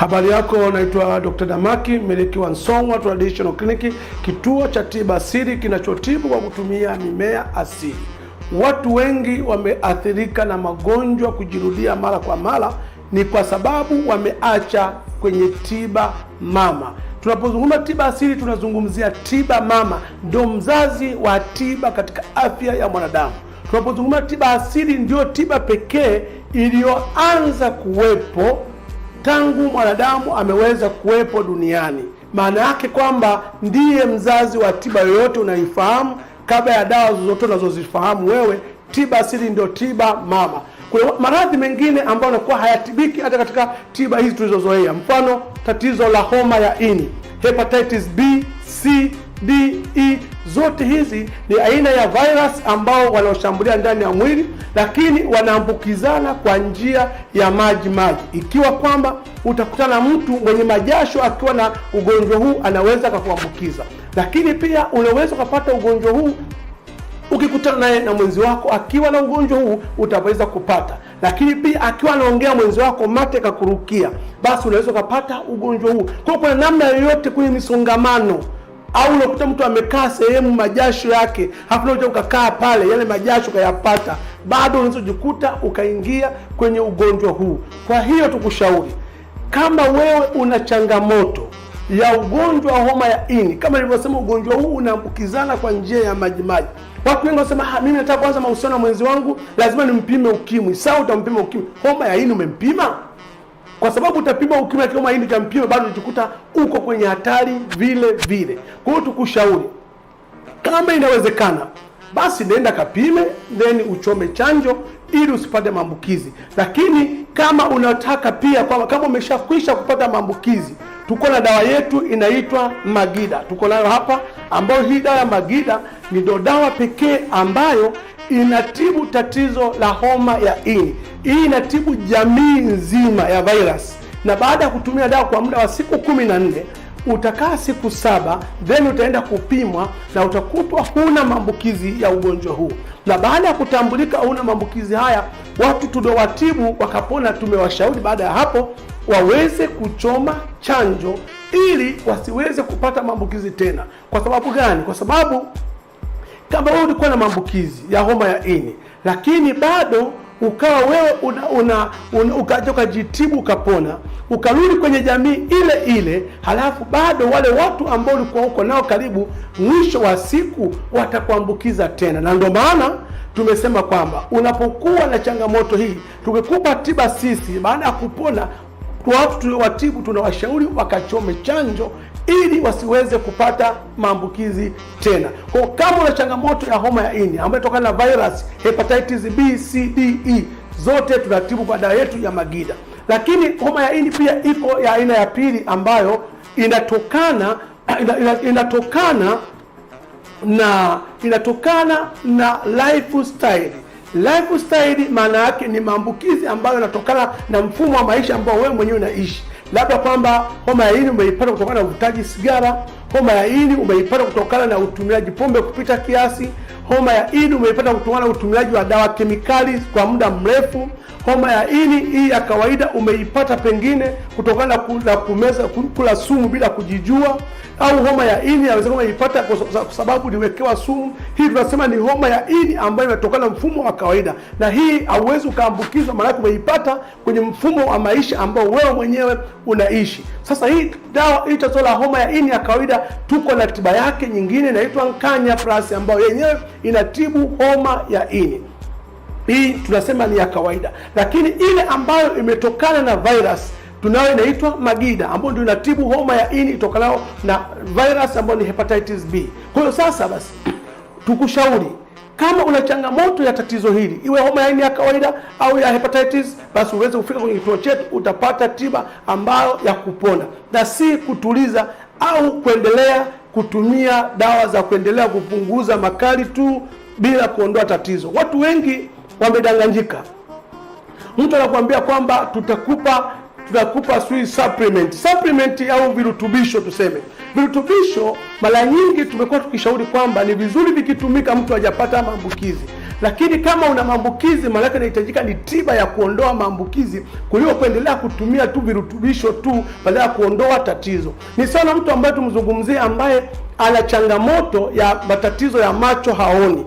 Habari yako, naitwa Dr. Damaki, mmiliki wa Song'wa Traditional Clinic, kituo cha tiba asili kinachotibu kwa kutumia mimea asili. Watu wengi wameathirika na magonjwa kujirudia mara kwa mara, ni kwa sababu wameacha kwenye tiba mama. Tunapozungumza tiba asili, tunazungumzia tiba mama, ndio mzazi wa tiba katika afya ya mwanadamu. Tunapozungumza tiba asili, ndio tiba pekee iliyoanza kuwepo tangu mwanadamu ameweza kuwepo duniani. Maana yake kwamba ndiye mzazi wa tiba yoyote unaifahamu kabla ya dawa zozote unazozifahamu wewe. Tiba asili ndio tiba mama. Kuna maradhi mengine ambayo yanakuwa hayatibiki hata katika tiba hizi tulizozoea, mfano tatizo la homa ya ini, hepatitis B, C, D, E Zote hizi ni aina ya virus ambao wanaoshambulia ndani ya mwili, lakini wanaambukizana kwa njia ya maji maji. Ikiwa kwamba utakutana mtu mwenye majasho akiwa na ugonjwa huu, anaweza akakuambukiza, lakini pia unaweza ukapata ugonjwa huu ukikutana naye na mwenzi wako akiwa na ugonjwa huu utaweza kupata, lakini pia akiwa anaongea mwenzi wako mate kakurukia, basi unaweza ukapata ugonjwa huu. Kwa kuna namna yoyote kwenye misongamano au unakuta mtu amekaa sehemu majasho yake, hakuna ukakaa pale, yale majasho ukayapata, bado unazojikuta ukaingia kwenye ugonjwa huu. Kwa hiyo tukushauri kama wewe una changamoto ya ugonjwa wa homa ya ini, kama nilivyosema, ugonjwa huu unaambukizana kwa njia ya majimaji. Watu wengi wanasema ah, mimi nataka kuanza mahusiano na mwenzi wangu, lazima nimpime ukimwi. Sawa, utampima ukimwi, homa ya ini umempima? kwa sababu utapima ukimwi kama mahindi cha bado utajikuta uko kwenye hatari vile vile. Kwa hiyo tukushauri, kama inawezekana, basi nenda kapime then uchome chanjo ili usipate maambukizi. Lakini kama unataka pia kwa, kama umeshakwisha kupata maambukizi, tuko na dawa yetu inaitwa Magida, tuko nayo hapa, ambayo hii dawa ya Magida ni ndo dawa pekee ambayo inatibu tatizo la homa ya ini. Hii inatibu jamii nzima ya virus, na baada ya kutumia dawa kwa muda wa siku kumi na nne utakaa siku saba, then utaenda kupimwa na utakutwa huna maambukizi ya ugonjwa huu. Na baada ya kutambulika huna maambukizi haya, watu tuliowatibu wakapona, tumewashauri baada ya hapo waweze kuchoma chanjo ili wasiweze kupata maambukizi tena. Kwa sababu gani? Kwa sababu kama wewe ulikuwa na maambukizi ya homa ya ini, lakini bado ukawa wewe una, una, una ukaja ukajitibu ukapona, ukarudi kwenye jamii ile ile, halafu bado wale watu ambao ulikuwa uko nao karibu, mwisho wa siku watakuambukiza tena. Na ndio maana tumesema kwamba unapokuwa na changamoto hii, tukikupa tiba sisi baada ya kupona kwa watu tuliowatibu, tunawashauri wakachome chanjo ili wasiweze kupata maambukizi tena. Kwa kama una changamoto ya homa ya ini ambayo inatokana na virus hepatitis B, C, D, E zote tunatibu kwa dawa yetu ya Magida. Lakini homa ya ini pia ipo ya aina ya pili ambayo inatokana inatokana na inatokana na lifestyle lifestyle maana yake ni maambukizi ambayo yanatokana na mfumo wa maisha ambao wewe mwenyewe unaishi, labda kwamba homa ya ini umeipata kutokana na uvutaji sigara, homa ya ini umeipata kutokana na utumiaji pombe kupita kiasi, homa ya ini umeipata kutokana na utumiaji wa dawa kemikali kwa muda mrefu homa ya ini hii ya kawaida umeipata pengine kutokana na kumeza kula sumu bila kujijua, au homa ya ini yaweza kama ipata kwa sababu niwekewa sumu. Hii tunasema ni homa ya ini ambayo imetokana na mfumo wa kawaida, na hii hauwezi ukaambukizwa, maanake umeipata kwenye mfumo wa maisha ambao wewe mwenyewe unaishi. Sasa hii dawa hii tatizo la homa ya ini ya kawaida, tuko na tiba yake nyingine inaitwa Nkanya Plus ambayo yenyewe inatibu homa ya ini. Hii tunasema ni ya kawaida, lakini ile ambayo imetokana na virus tunayo inaitwa Magida ambayo ndio inatibu homa ya ini itokanayo na virus ambayo ni hepatitis B. Kwa hiyo sasa basi, tukushauri kama una changamoto ya tatizo hili, iwe homa ya ini ya kawaida au ya hepatitis, basi uweze kufika kwenye kituo chetu, utapata tiba ambayo ya kupona na si kutuliza au kuendelea kutumia dawa za kuendelea kupunguza makali tu bila kuondoa tatizo. Watu wengi wamedanganyika. Mtu anakuambia kwamba tutakupa tutakupa sui supplement supplement au virutubisho, tuseme virutubisho. Mara nyingi tumekuwa tukishauri kwamba ni vizuri vikitumika mtu hajapata maambukizi, lakini kama una maambukizi, maana yake inahitajika ni tiba ya kuondoa maambukizi kuliko kuendelea kutumia tu virutubisho tu badala ya kuondoa tatizo. Ni sana mtu ambaye tumzungumzie, ambaye ana changamoto ya matatizo ya macho haoni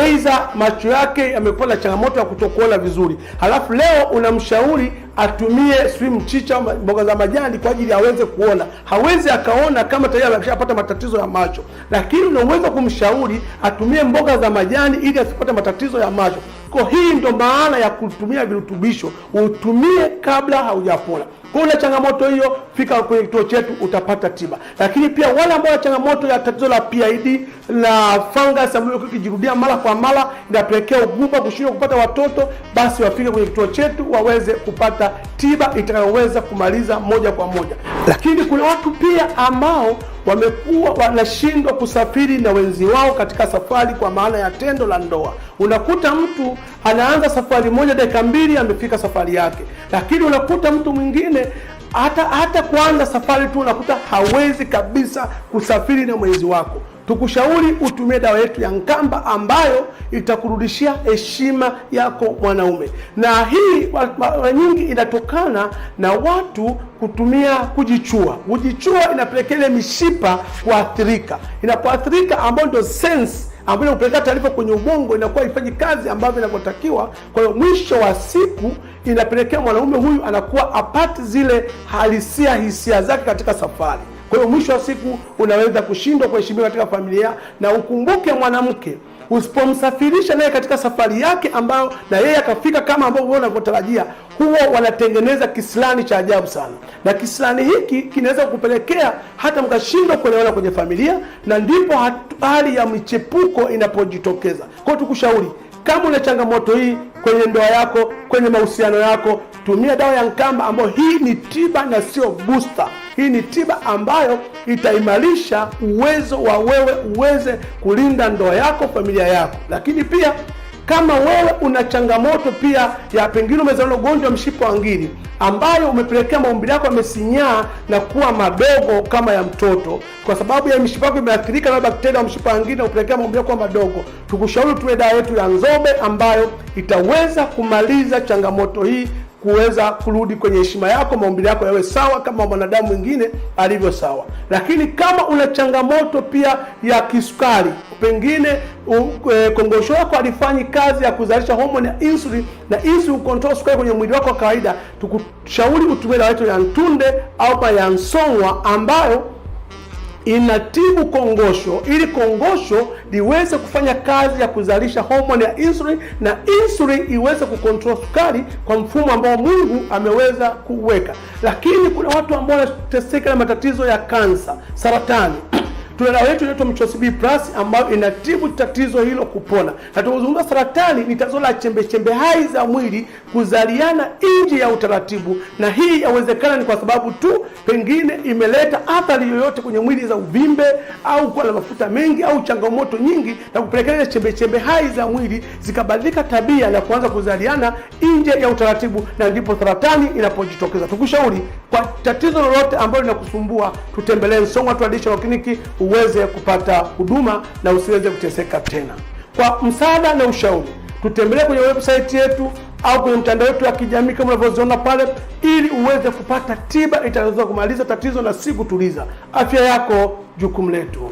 aidha macho yake yamekuwa na changamoto ya kutokuona vizuri, halafu leo unamshauri atumie swi mchicha, mboga za majani kwa ajili aweze kuona. Hawezi akaona kama tayari ameshapata matatizo ya macho, lakini unaweza kumshauri atumie mboga za majani ili asipate matatizo ya macho. Kwa hii ndo maana ya kutumia virutubisho, utumie kabla haujapona. Una changamoto hiyo, fika kwenye kituo chetu utapata tiba. Lakini pia wale ambao changamoto ya tatizo la PID na fungus ambayo ikijirudia mara kwa mara inapelekea ugumba, kushindwa kupata watoto, basi wafike kwenye kituo chetu waweze kupata tiba itakayoweza kumaliza moja kwa moja. Lakini kuna watu pia ambao wamekuwa wanashindwa kusafiri na wenzi wao katika safari, kwa maana ya tendo la ndoa. Unakuta mtu anaanza safari moja dakika mbili amefika safari yake, lakini unakuta mtu mwingine hata hata kuanza safari tu unakuta hawezi kabisa kusafiri na mwenzi wako. Tukushauri utumie dawa yetu ya Nkamba ambayo itakurudishia heshima yako mwanaume, na hii mara nyingi inatokana na watu kutumia kujichua. Kujichua inapelekea ile mishipa kuathirika, inapoathirika ambayo ndio sense ambayo inakupeleka taarifa kwenye ubongo inakuwa haifanyi kazi ambavyo inavyotakiwa. Kwa hiyo mwisho wa siku inapelekea mwanaume huyu anakuwa apati zile halisia hisia zake katika safari. Kwa hiyo mwisho wa siku unaweza kushindwa kuheshimiwa katika familia, na ukumbuke mwanamke usipomsafirisha naye katika safari yake ambayo na yeye akafika kama ambavyo wewe unavyotarajia, huwa wanatengeneza kisilani cha ajabu sana, na kisilani hiki kinaweza kupelekea hata mkashindwa kuelewana kwenye familia, na ndipo hali ya michepuko inapojitokeza. Kwa hiyo tukushauri, kama una changamoto hii kwenye ndoa yako, kwenye mahusiano yako tumia dawa ya Nkamba ambayo hii ni tiba na sio booster. Hii ni tiba ambayo itaimarisha uwezo wa wewe uweze kulinda ndoa yako, familia yako. Lakini pia kama wewe una changamoto pia ya pengine umezaliwa na ugonjwa wa mshipa wa ngiri ambayo umepelekea maumbile yako yamesinyaa na kuwa madogo kama ya mtoto, kwa sababu ya mishipa yako imeathirika na bakteria wa mshipa wa ngiri na kupelekea maumbile yako kuwa madogo, tukushauri tuwe dawa yetu ya Nzobe ambayo itaweza kumaliza changamoto hii kuweza kurudi kwenye heshima yako, maumbili yako yawe sawa kama mwanadamu mwingine alivyo sawa. Lakini kama una changamoto pia ya kisukari, pengine e, kongosho yako alifanyi kazi ya kuzalisha homoni ya insulin na insulin control sukari kwenye mwili wako wa kawaida, tukushauri utumie dawa yetu ya Ntunde au ya Nsong'wa ambayo inatibu kongosho ili kongosho liweze kufanya kazi ya kuzalisha homoni ya insulin na insulin iweze kukontrol sukari kwa mfumo ambao Mungu ameweza kuweka. Lakini kuna watu ambao wanateseka na matatizo ya kansa, saratani Tuna dawa yetu inaitwa B Plus ambayo inatibu tatizo hilo kupona, na tunazungumza saratani ni tatizo la chembe chembe hai za mwili kuzaliana nje ya utaratibu, na hii yawezekana ni kwa sababu tu pengine imeleta athari yoyote kwenye mwili za uvimbe au kuwa na mafuta mengi au changamoto nyingi, na kupelekea ile chembe chembe hai za mwili zikabadilika tabia na kuanza kuzaliana nje ya utaratibu, na ndipo saratani inapojitokeza. Tukushauri kwa tatizo lolote ambalo linakusumbua, tutembelee Song'wa Traditional Clinic uweze kupata huduma na usiweze kuteseka tena. Kwa msaada na ushauri, tutembelee kwenye website yetu au kwenye mtandao wetu wa kijamii kama unavyoziona pale, ili uweze kupata tiba itaweza kumaliza tatizo na si kutuliza. Afya yako jukumu letu.